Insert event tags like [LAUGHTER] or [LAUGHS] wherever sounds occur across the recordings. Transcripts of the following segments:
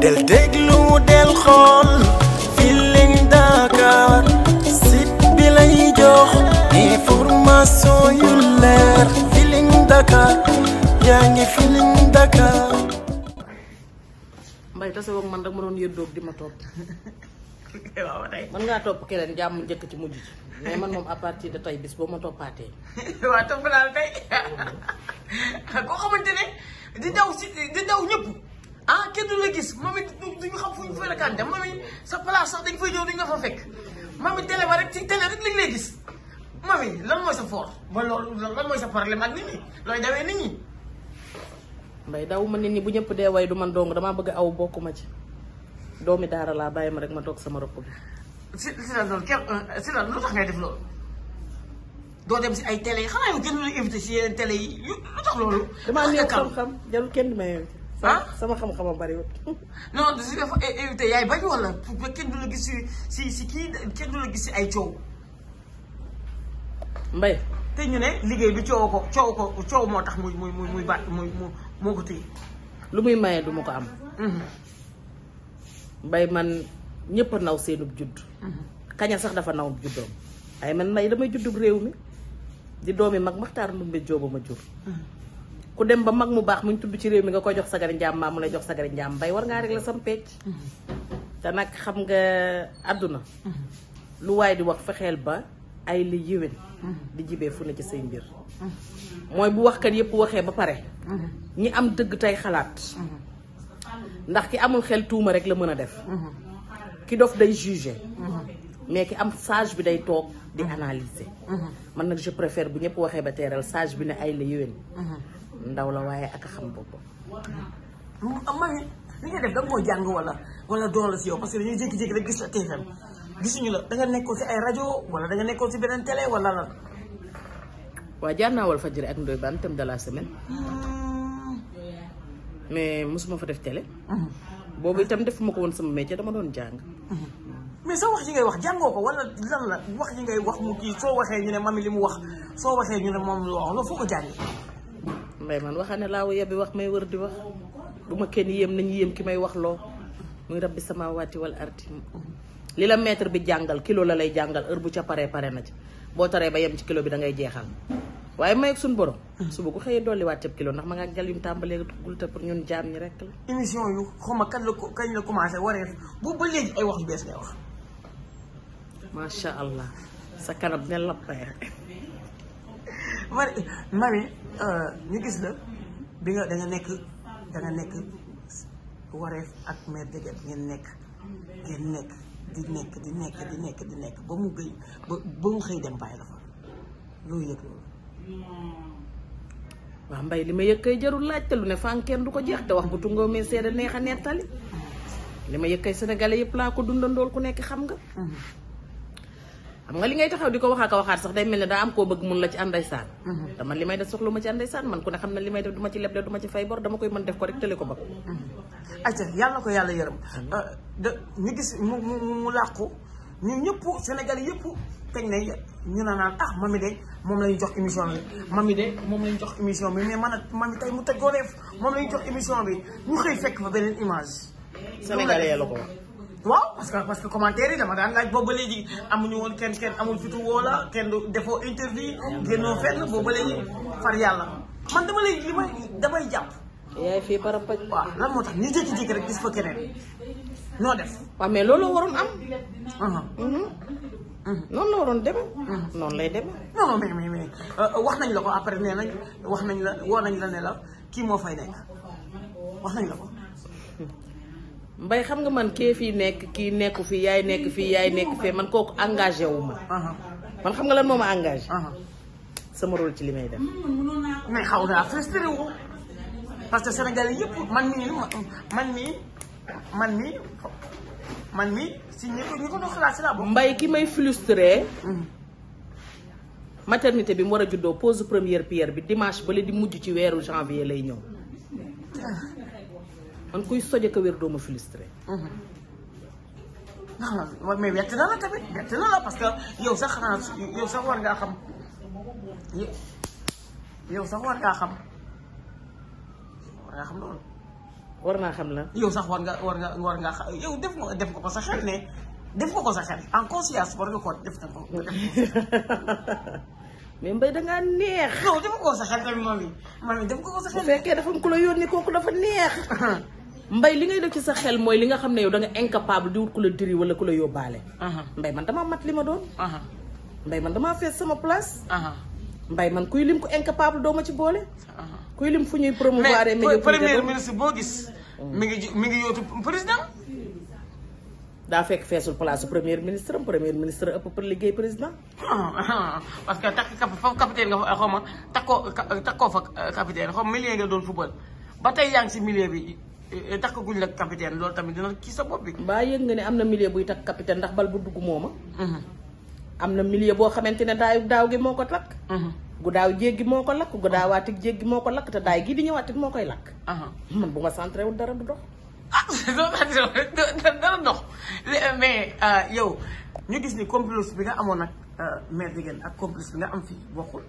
del déglu del xool Feeling Dakar site bi lay jox information yu leer Feeling Dakar yaa ngi Feeling Dakar. Mbaye tasa man rek ma doon yëddoog di ma topp [LAUGHS] mën ngaa topp keneen jàmm njëkk ci mujj ci mais man moom à partir de tey bis boo ma toppaatee. [LAUGHS] waaw topp naa tey [LAUGHS] koo xamante ne di daw ñëpp. ah kenn du la gis mami duñu xam fu ñu fay la kànte mami sa place sax dañ fay ñëw duñu la fa fekk mami télé ba rek ci télé rek lay gis mami lan mooy sa fort ba loolu lan sa problème ak nit looy dawee nit ñi mbay ma nit ñi bu ñëpp dee way du man dong damaa bëgg aw bokk ma ci doomi daara laa bàyyi ma rek ma toog sama rëpp bi si si la loolu kenn euh, si la lu tax def loolu si ay télé yi xanaa yow yi lu tax loolu damaa néew xam-xam jarul kenn di ma invité ah sama xam-xamam bariwul. non de si dafa invité yaay bañ wala pour kenn du la gis si si kii kenn du la gis si ay coow. mbay te ñu ne liggéey bi coow ko coow ko coow moo tax muy muy muy baat muy moo ko téye. lu muy maye du ma ko am. Mhm. mbay man ñépp a naw seenub judd. Mhm. kaña sax dafa naw juddoom ay man may damay juddub réew mi di doomi mag Maxtaar Ndumbe Jóoba ma jur. Mhm. ku dem ba mag mu baax mu ñu tudd ci réew mi nga koy jox sagari njaam mbaa mu lay jox sagari njaam mbay war ngaa rek la sam pecc mm-hmm. te nag xam nga àdduna mm-hmm. lu waaye di wax fexeel ba ay li yéwén mm-hmm. di jibee fu ne ci say mbir mooy bu waxkat yépp waxee ba pare ñi am dëgg tey xalaat ndax ki amul xel tuuma rek la mën a def ki dof day juger mais ki am sage bi day toog di analyser man nag je préfère bu ñëpp waxee ba teeral sage bi ne ay la yéwén ndaw la waaye ak a xam boppam. am li nga def da nga koo jàng wala wala doon la si yow parce que dañuy jékki-jékki rek gis la gisuñu la da nekkoo si ay rajo wala da nga nekkoon si beneen télé wala lan. waaw jaar naa ak Ndoye Bane de la semaine. Hmm. mais mosuma def télé. Hmm. boobu itam defuma ko woon sama métier dama doon jàng. Hmm. mais ngay wax jàngoo ko wala lan la wax ji ngay wax mu kii soo waxee ñu ne mami mu wax soo waxee ñu ne moom lu foo ko jàngee. mbay man waxaane laa wa yebbi wax may wër di wax bu ma kenn yéem nañu yéem ki may wax loo muy rabbi sama waati wal arti li la maître bi jàngal kilo la lay jàngal heure bu ca paree pare na ci boo taree ba yem ci kilo bi da ngay jeexal waaye may ak suñu borom. suba ko xëyee dolliwaat ceeb kilo ndax ma nga jël yu mu tàmbalee gul te pour ñun jaam ñi rek la. émission yu xaw ma kañ la kañ la commencé wareef bu ba léegi ay wax yu bees ngay wax. macha allah sa kanam ne la mami euh, ñu gis la bi nga da nga nekk da nekk wareef ak mère Dégel ngeen nekk ngeen nekk di nekk di nekk di nekk ba mu gëy ba ba mu xëy dem bàyyi la fa loolu yëg loolu waa mbay li ma yëg kay jarul laajte lu ne fànkeen du ko jeex te wax bu tungoo mee seede neex a nettali mm-hmm. li ma yëg kay sénégalais yëpp laa ko dundandool ku nekk xam nga mm-hmm. man nga li ngay taxaw di ko wax a waxaat sax day mel ne daa am koo bëgg mun la ci am ndeysaan te mhm. man li may def soxlu ma ci am ndeysaan man ku ne xam ne ma ci leble du ma ci fay bor dama koy mën def ko rek tële ko ba mhm. aca yàlla na ko yàlla yërëm euh, da ñu gis mu mu làqu ñu ñëpp Sénégal yëpp teñ ne ñu na naan ah mami de moom la ñu jox émission bi mami de moom la ñu jox émission bi mais man a mami tey mu tëj koo def moom la ñu jox émission bi ñu xëy fekk fa beneen image sénégalais la ko wax waaw parce que parce que commentaire dama daan laaj boobu ba léegi amuñu woon kenn kenn amul fitu woo la kenn defoo interview génnoo fenn boobu ba léegi far yàlla man dama léegi li may damay jàpp. yaay fii par rapport waaw lan moo tax ñu jékki-jékki rek gis fa keneen noo def. waaw mais loolu waroon am. noonu la waroon demee. noonu lay demee. non non mais mais euh, wax nañ la ko après nee nañ wax nañ la woo nañ la ne la kii moo fay nekk wax nañ la ko. mbay xam nga man kee fii nekk kii nekku fii yaay nekk fii yaay nekk fii man kooku engagé wu ma. man xam nga lan moo ma engagé. sama rôle ci li may def. Mm, mais parce que Sénégalais yëpp man mii man mii man mii man mbay ki may frustré. Mm-hmm. maternité bi mu war a juddoo pose première pierre bi dimanche bale di mujj ci weeru janvier lay ñëw. [LAUGHS] man kuy soje ko wér doo ma frustré. [LAUGHS] non mais wett na la tamit wett na la parce que yow sax xanaa yow sax war ngaa xam yow sax war ngaa xam war ngaa xam loolu. war naa xam la. yow sax war nga war nga war ngaa xam yow def nga def nga ko sa xel ne def nga ko sa xel en conscience war nga ko def nga ko. [LAUGHS] mais mbay da ngaa neex. non def nga ko sa xel tamit moom it man def nga ko sa xel. bu fekkee dafa ku la yónni kooku dafa neex. [LAUGHS] mbay li ngay def ci sa xel mooy li nga xam ne yow da nga incapable di wut ku la diri wala ku la yóbbaale. mbay man damaa mat li ma doon. mbay man damaa fees sama place. mbay man kuy lim ko incapable doo ma ci boole. kuy lim fu ñuy promouvoir. mais premier ministre boo gis. Mm. mi ngi mi ngi yootu président. daa fekk feesul place su premier ministre premier ministre ëpp pour liggéey président. Ah, ah, parce que takk cap foofu capitaine nga fa xaw ma takkoo takkoo fa capitaine xaw millier nga doon football ba tey yaa ngi si millier Eh, eh, takkaguñ la capitaine loolu tamit dina ci sa bopp bi. mbaa yëg nga ne am na milieu buy takk capitaine ndax bal bu dugg mooma. Mhm. am na milieu boo xamante ne daaw daaw gi moo ko takk. Mhm. gu daaw jéggi moo ko lakk gu daawaatig jéggi moo ko lakk te daay gii di ñëwaatig moo koy lakk. man bu ma centré wul dara du dox. ah [LAUGHS] dara dox mais euh, yow ñu gis ni complice bi nga amoon nag euh, maire Dieguene ak complice bi nga am fii bokkul.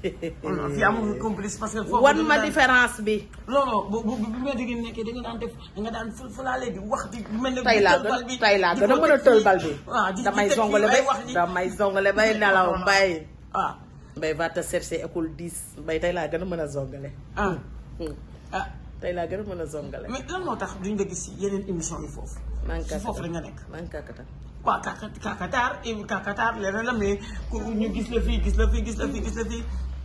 fii [LAUGHS] oh amul complice parce que. foofu wan ma différence bi. non non bu bu bu ma déggee nekkee da nga daan def da nga daan fëlaale di wax di. mel ne tey laa gën tey laa gën a mën a tël bal bi. Ah, damay zongale bay damay [LAUGHS] zongale ah. bay nelaw ah. mbay. waaw mbay va te chercher école 10 mbay tey laa gën a mën a zongale. ah hmm. ah. Hmm. tey laa gën a mën a zongale. mais lan moo tax duñ la gis yeneen émission yi foofu. maa ngi foofu la nga nekk maa ngi waaw kaka kakataar kakataar leneen la mais ñu gis la fii gis la fii gis la fii gis la fii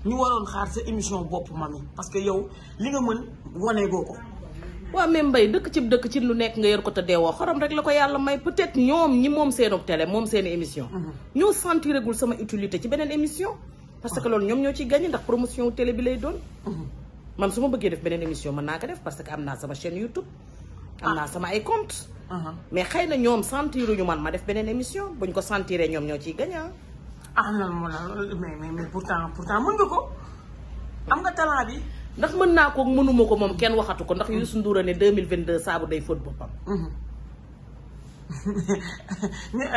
ñu waroon xaar sa émission bopp mami parce que yow li nga mën wane goo ko. waaw même mbay dëkk ci dëkk ci lu nekk nga yor ko te deewoo xorom rek la ko yàlla may peut-être ñoom ñi moom seen télé moom seen émission. Mhm. ñoo sentiragul sama utilité ci beneen émission. parce que loolu ñoom ñoo ci gañ gagné ndax promotion télé bi lay doon. Mhm. man su ma bëggee def beneen émission mën naa ko def parce que am naa sama chaîne YouTube. Ah. sama ay compte Uh-huh. mais xëy na ñoom sentiruñu man ma def beneen émission buñ ko sentiree ñoom ñoo ciy gañaa ah non non mais mais mais pourtant ko am nga talent bi. ndax mën naa ko mënuma ko moom kenn waxatu ko ndax Youssou Ndour a ne 2022 saabu day fóot boppam. Uh-huh. [LAUGHS] Euh,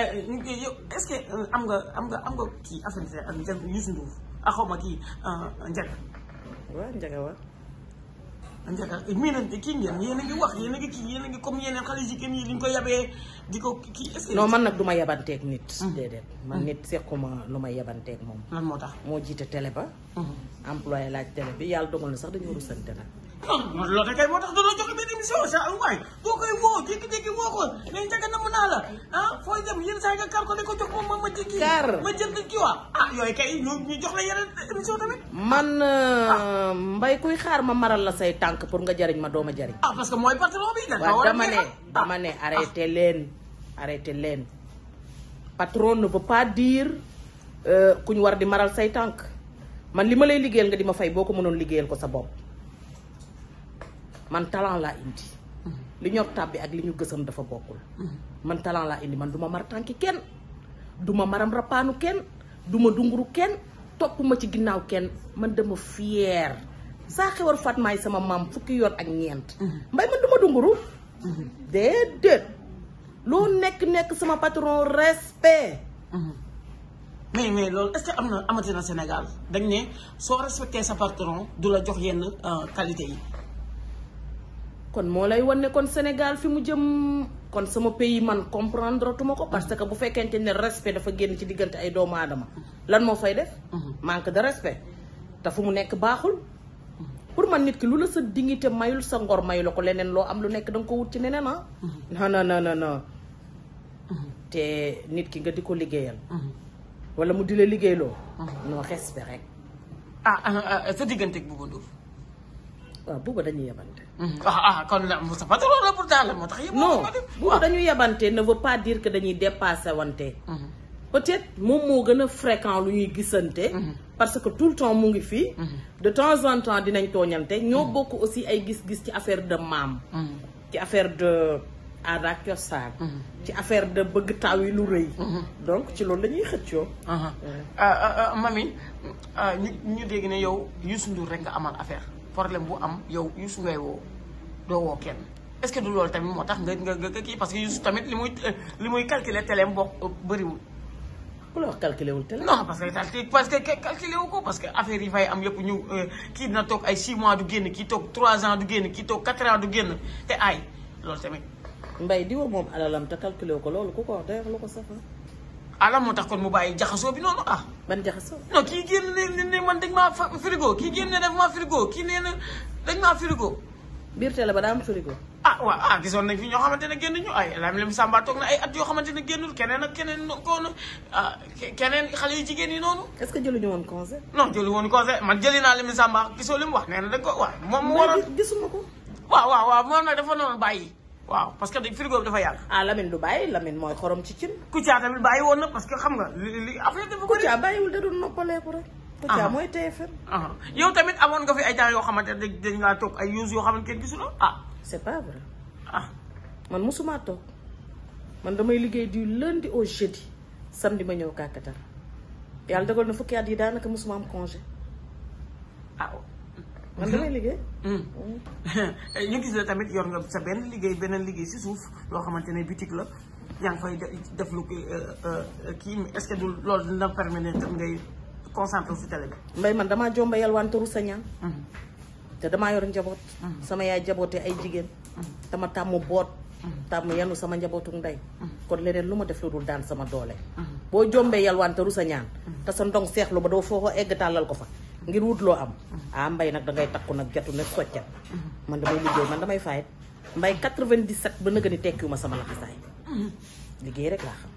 est-ce que euh, am nga am nga am nga kii affaire bi ak euh, Youssou Ndour ah xaw ma kii Ndiaga. waaw Ndiaga njëkk a miinante kii ngeen yéen a ngi wax yéen ngi kii yéen ngi comme yeneen xale jigéen yi li ñu ko yabee di ko kii est-ce que. non man nag du ma yabanteeg nit. Mm-hmm. déedéet man nit ma lu ma yabanteeg moom. lan moo tax moo jiite télé ba. Mm-hmm. employé laaj télé bi yàlla dogal na sax dañoo rusante nag. moo tax dootoo joxe jox moom la man mbay kuy xaar ma maral la say tànk pour nga jariñ ma doo ma jariñ. ah que mooy patron bi. waaw dama ne ah, ah. dama leen arrêté leen patron ne veut pas dire euh, ku ñu war di maral say tànk man li ma lay liggéeyal nga di ma fay boo ko mënoon liggéeyal ko sa bopp. man talent laa indi. Mm-hmm. li ñor tàbbi ak li ñu gësam dafa bokkul. Mm-hmm. man talent laa indi man du ma mar tànki kenn du ma maram rapaanu kenn du ma dunguru kenn topp ma ci ginnaaw kenn man dama fier saa xewar Fatmaay sama maam fukki yoon ak ñeent. Mm-hmm. mbay man du dunguru. déedéet loo nekk nekk sama patron respect. mais mais loolu est que am na amati na Sénégal dañ ne soo respecté sa patron du la jox yenn euh, qualité yi. kon moo lay wan ne kon Sénégal fi mu jëm kon sama pays man comprendre tuma ko parce que bu fekkente ne respect dafa génn ci diggante ay doomaadama lan moo fay def. Mhm. manque de respect te fu mu nekk baaxul. Mhm. pour man nit ki lu la sa dignité mayul sa ngor mayu la ko leneen loo am lu nekk da nga ko wut ci neneen ah. Mhm. non non non non te nit ki nga di ko liggéeyal. wala mu di la liggéeyloo. non respect rek. ah, ah, ah sa digganteeg Bouba Ndour. waaw ah, Bouba dañuy yebante. Mm-hmm. ah ah kon la sa patron la moo tax yëpp non bu dañu yebante na veut pas dire que dañuy dépassé wante mm-hmm. peut-être moom moo gën a fréquent lu ñuy gisante mm-hmm. parce que tout le temps mu ngi fii de temps en temps dinañ tooñante ñoo bokk aussi ay gis-gis ci affaire de maam ci affaire de aada ak cosaan ci affaire de bëgg taaw yi lu rëy donc ci loolu lañuy ñuy xëccoo uh-huh. ah, ah, ah, mami ñu ñu dégg ne yow Youssou Ndour rek nga amal affaire problème bu am yow Youssou ngay woo doo woo kenn est du loolu tamit moo tax nga nga nga kii parce que Youssou tamit li muy li muy calculer teleem bokk euh, bëriwul. ku la wax calculé wul télé. parce que parce que calculé wu ko parce que affaire yi fay am yëpp ñu euh, kii dina toog ay 6 mois du génn kii toog trois ans du génn kii toog 4 ans du génn te ay loolu tamit. Mbaye di woo moom alalam te calculé ko loolu ku ko wax day wax ko sax ala moo tax kon mu bàyyi jaxasoo bi noonu ah. ban jaxasoo. non kii génn ne man dañ maa frigo kii génn ne def maa frigo kii nee na dañ maa frigo. biir télé ba daa am frigo. ah waaw ah gisoon nañ fi ñoo xamante ne génn ñu ay lam lim Samba toog na ay at yoo xamante ne génnul keneen ak keneen koo na ah keneen xale yi jigéen yi noonu. est-ce que jëluñu woon conseil. non jëlu woon conseil man jëli naa lim Samba gisoo li mu wax nee ko waaw moom. mu waroon gisuma ko. waaw waaw waaw moom nag dafa noonu bàyyi. waaw parce que frigo bi dafa yàgg. ah Lamine du bàyyi Lamine mooy xorom ci cin. Kouthia tamit bàyyi woon na parce que xam nga li li bàyyiwul da doon noppaleeku rek. Ah. Kouthia mooy TFM. Ah. yow tamit amoon nga fi ay temps yoo xamante ne dañ laa toog ay news yoo xamante ne gisuloo ah. c'est pas vrai. ah man mosumaa toog man damay liggéey du lundi au jeudi samedi ma ñëw kàkkatar yàlla dogal na fukki at yi daanaka mosuma am congé. Ah, man damay liggéey. Hmm. [LAUGHS] ñu gis la tamit yor nga sa benn liggéey beneen liggéey si suuf loo xamante ne boutique la yaa ngi koy def lu euh, euh, kii est-ce que du loolu dina permettre ngay concentré si télé bi. mbay man damaa jomba yalwaan turu sa ñaan. Hmm. te damaa yor njaboot. Hmm. sama yaay jaboote ay jigéen. dama tàmm boot. tàmm yanu sama njabootu ndey. kon leneen lu ma def lu dul daan sama doole. boo jombee yalwaan te rusa ñaan. te sa ndong seexlu ba doo foo ko egg tàllal ko fa. ngir wut loo am ah mbay nag dangay takku nag jatu nag soccet man damay liggéey man damay faay mbay 97 ba nëga ni tekkiwuma sama laxasaay liggéey rek laa xam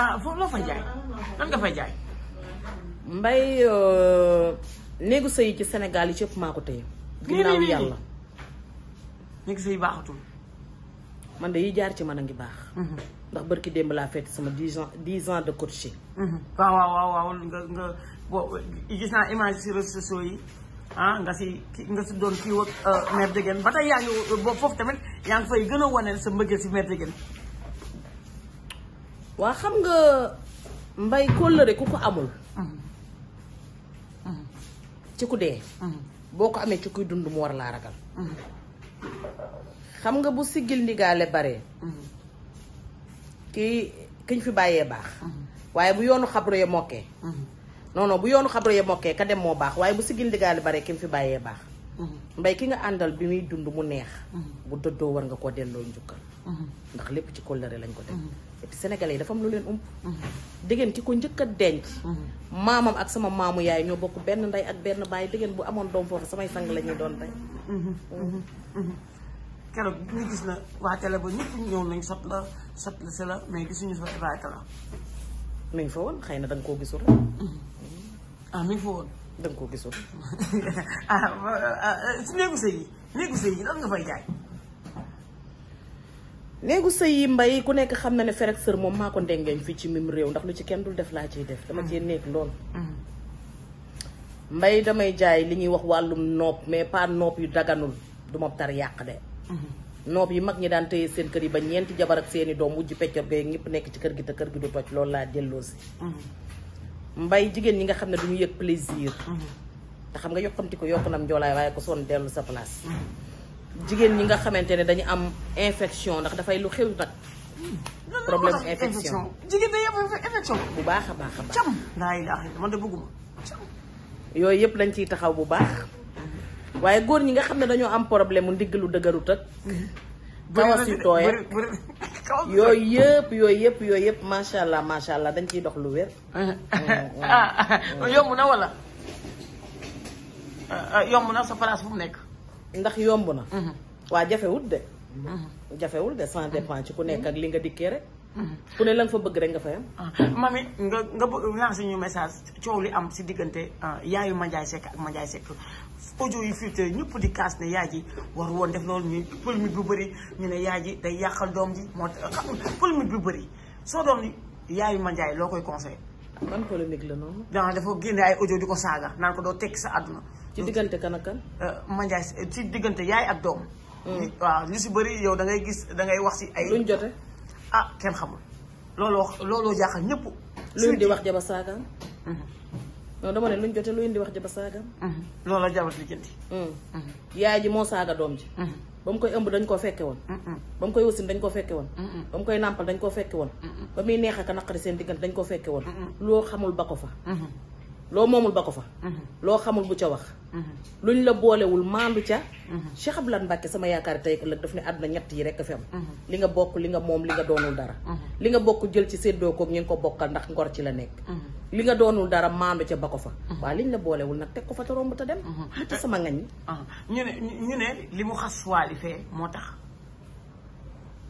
ah foofu loo fay jaay lan nga fay jaay mbay euh, néegu sëy ci senegal yi ci ëpp maa ko téye ginnaaw baaxatul man de yi jaar ci man a ngi baax mhm. ndax bërki démb laa fête sama dix ans dix de coaching mhm. waaw waaw waaw nga boo gis naa image si réseaux yi ah nga si nga si doon kii wag euh, ba tey yaa ngi boobu foofu tamit yaa fay gën a waneel sa mbëggeel si Mère waa xam nga mbay kóllëre ku ko amul mm-hmm. Mm-hmm. ci ku dee mm-hmm. boo ko amee ci kuy dund mu war laa ragal xam nga bu siggil ndigaale bare kii kiñ fi bàyyee baax waaye bu yoonu xabroye mokkee non non bu yoonu xabra ya mokkee ka dem moo baax waaye bu sigil ndigaali bare ki mu fi bàyyee baax mhm. mbay ki nga àndal bi muy dund mu neex mhm. bu dëddoo war nga koo delloo njukkal mhm. ndax lépp ci kóllëre lañ ko teg et puis sénégalais yi dafa am lu leen ump déggeen ki ko njëkk a denc maamam ak sama maamu yaay ñoo bokk benn ndey ak benn baay déggeen bu amoon doom foofu samay sang la ñuy doon tey mm. keroog bi ñu gis na waa télé ba ñëpp ñëw nañ sot la sot la si la mais gisuñu fa Iba Kala nañ fa woon xëy na danga koo gisul rek ah mi ngi fa woon. da nga koo néegu sëy yi néegu sëy yi lan nga fay jaay. néegu sëy yi mbay ku nekk xam na ne frère ak sœur moom maa ko ndengeeñ fi ci mim réew ndax lu ci kenn dul def laa ciy def. dama cee nekk lool. Mm-hmm. mbay damay jaay li ñuy wax wàllum nopp mais pas nopp yu daganul du ma tar yàq de. Mm-hmm. noob yi mag ñi daan téye seen kër yi ba ñeenti jabar ak seeni doom wujj peccoor gay ñëpp nekk ci kër gi te kër gi du toj loolu laa delloo si mm-hmm. mbay jigéen ñi nga xam ne du ñu yëg plaisir. Mm-hmm. te xam nga yokkamti ko yokk nam njoolaay waaye ko son dellu sa place. Mm-hmm. jigéen ñi nga xamante ne dañu am infection ndax dafay lu xew nag. Mm-hmm. problème bu baax a baax a baax. cam laay laay man de yooyu yëpp lañ ciy taxaw bu baax. waaye góor ñi nga xam ne dañoo am problème mu ndigg lu dëgërut kawas yu tooy yooyu yëpp yooyu yëpp yooyu yëpp macha allah macha allah dañ ciy dox lu wér. yomb na wala yomb na sa place fu mu nekk. ndax yomb na. waa jafewul de. jafewul de sans dépend ci ku nekk ak li nga dikkee rek. ku ne la nga fa bëgg rek nga fa yam. Ah, mami nga nga bëgg lancer ñu message coow li am si diggante ah, yaayu Mandiaye Seck ak Mandiaye Seck audio yu ñëpp di kaas ne yaay ji war woon def loolu ñu polémique bëri ñu ne yaay ji day yàqal doom ji moo tax polémique bu bëri soo doon yaayu loo koy conseillé. ban polémique la noonu. non dafa génne ay audio di ko saaga naan ko doo tekki sa àdduna. ci diggante kan ak kan. Euh, Mandiaye ci diggante yaay ak doom. Hmm. waaw ñu si bëri yow da ngay gis da ngay wax si ay. luñ jote. ah kenn xamul looloo looloo jaaxal ñëpp. lu di wax jaba saagam. Mhm. non dama ne luñ jotee lu di wax jaba saagam. Mhm. loolu la jabat lijjanti. Mm. Mhm. yaay ji moo saaga doom ji. ba mu koy ëmb dañ koo fekke woon ba mu koy wasin dañ koo fekke woon ba mu koy nàmpal dañ koo fekke woon ba muy neex ak naqari seen diggante dañ koo fekke woon loo xamul ba ko fa loo moomul ba ko fa mhm. loo xamul bu ca wax mhm. luñ la boolewul maandu ca mhm. Cheikh Abdoulaye Mbacke sama yaakaar tey ëllëg daf ne àdduna ñett yi rekk fi li nga bokk li nga moom li nga doonul dara li nga bokk jël ci séddoo koog ñu ko bokkal ndax ngor ci la nekk li nga doonul dara maandu ca ba ko fa li liñ la boolewul nag teg ko fa te romb te dem ci sama ngañ ah, ñu ne ñu ne li mu xas waali moo tax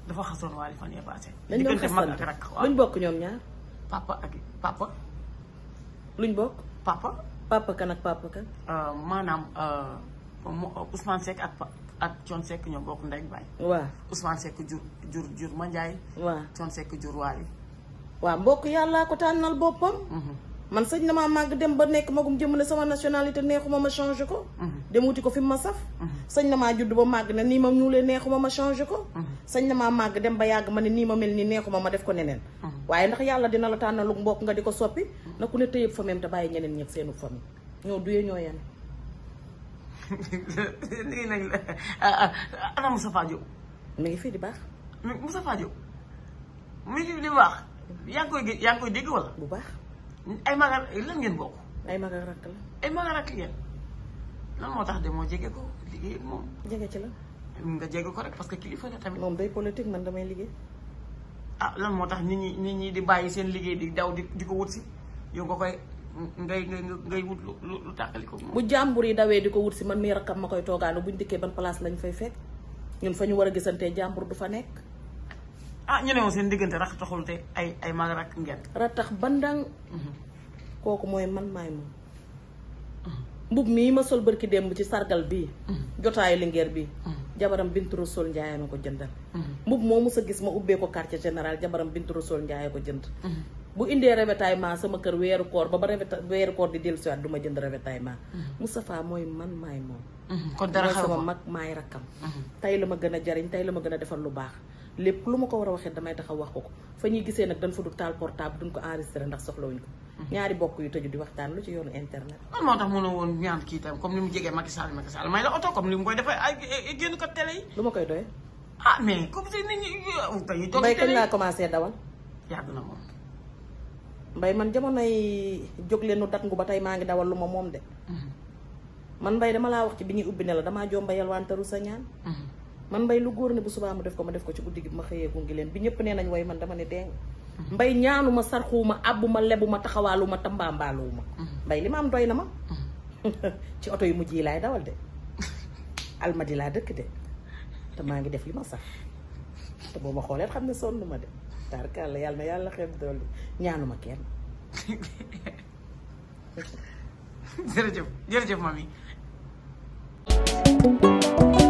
dafa xasoon waali fan yee passé dañ doon bokk ñoom ñaar papa ak papa luñ bokk papa. papa kan ak papa kan. Euh, maanaam euh, euh, Ousmane Seck ak ak Thione Seck ñoo bokk ndey baay. waaw Ousmane Seck jur jur jur Mandiaye. waaw Thione Seck jur Waly. waaw mbokk yàllaa ko tànnal boppam. Mhm. man sañ na maa màgg dem ba nekk magum jëm ne sama nationalité neexuma ma changé ko. Mhm. dem wuti ko fi mu ma saf. Mhm. sañ na maa judd ba màgg ne nii ma ñuulee neexuma ma changé ko. Mhm. sañ na maa màgg dem ba yàgg ma ne nii ma mel nii neexuma ma def ko neneen. waaye ndax yàlla dina la tànnaluk mbokk nga di ko soppi. na ku ne tëyëb famille te bàyyi ñeneen ñëpp seenu famille ñoo duyee ñoo yenn. [LAUGHS] lii nañ la ah, ah ana ngi fii di baax. Moustapha Diop mi ngi fi di baax. yaa ngi ay magal lan ngeen bokk. ay magal rakk la. ay magal rakk ngeen lan moo tax demoo jege ko liggéey ak moom. jege ci la. nga jege ko rek parce que kilifa la tamit. moom day politique man damay liggéey. ah lan moo tax nit ñi nit ñi di bàyyi seen liggéey di daw di di ko wut si yow nga koy ngay ngay ngay wut lu lu tàqali ko. bu jàmbur yi dawee di ko wut si man mii rakkam ma koy toogaanu buñ dikkee ban place lañ fay fekk ñun fa ñu war a gisantee jàmbur du fa nekk. ah ñu ne seen diggante rax taxul te ay ay mag rakk ngeen. ratax bandang mhm. kooku mooy man maay moom. mii ma sol barki démb ci sargal bii. Mhm. jotaayu lingeer bii. Mhm. jabaram bintu Rasool Njaay ma ko jëndal. mbub moo mës a gis ma ubbee ko quartier général jabaram bintu Rasool ko jënd. bu indee ravitaillement sama kër weeru koor ba ba weeru koor di dellusiwaat du ma jënd ravitaillement. Moustapha mooy man maay moom. kon dara xaw ma sama mag maay rakkam. tey la ma gën a jariñ tey la ma gën a defal lu baax. lépp lu ma ko war a waxee damay taxaw wax ko fa ñuy gisee nag dañ fa du taal portable duñ ko enregistré ndax soxlawuñ ko mhm. ñaari bokk yu tëju di waxtaan lu ci yoonu internet man moo tax mënoo woon ñaan kii tam comme ni mu jegee Macky Sall Macky Sall may la oto comme ni mu lu ma koy doyee ah mais comme si nit ñi dañuy laa commencé dawal yàgg na moom mbay man jamonoy jóg nu dat ngu ba tey maa ngi dawal lu ma moom de mhm. man mbay dama laa wax ci bi ñuy ubbi ne la dama jomba yalwaantaru sa ñaan mhm. man mbay lu góor ne bu subaa mu def ko ma def ko ci guddi gi bu ma xëyee gungi leen bi ñëpp nee nañ way man dama ne deng mm-hmm. mbay ñaanuma sarxuuma àbbuma lebuma taxawaaluma tambaambaaluwuma mbay mm-hmm. li ma am doy na ma mm-hmm. [LAUGHS] ci oto yu mujj yi laay dawal de [LAUGHS] almadi laa dëkk de te maa ngi def li ma sax te boo ma xoolee xam ne sonn ma de tarkalla yàlla na yàlla xeeb dool ñaanuma kenn [LAUGHS] jërëjëf jërëjëf mami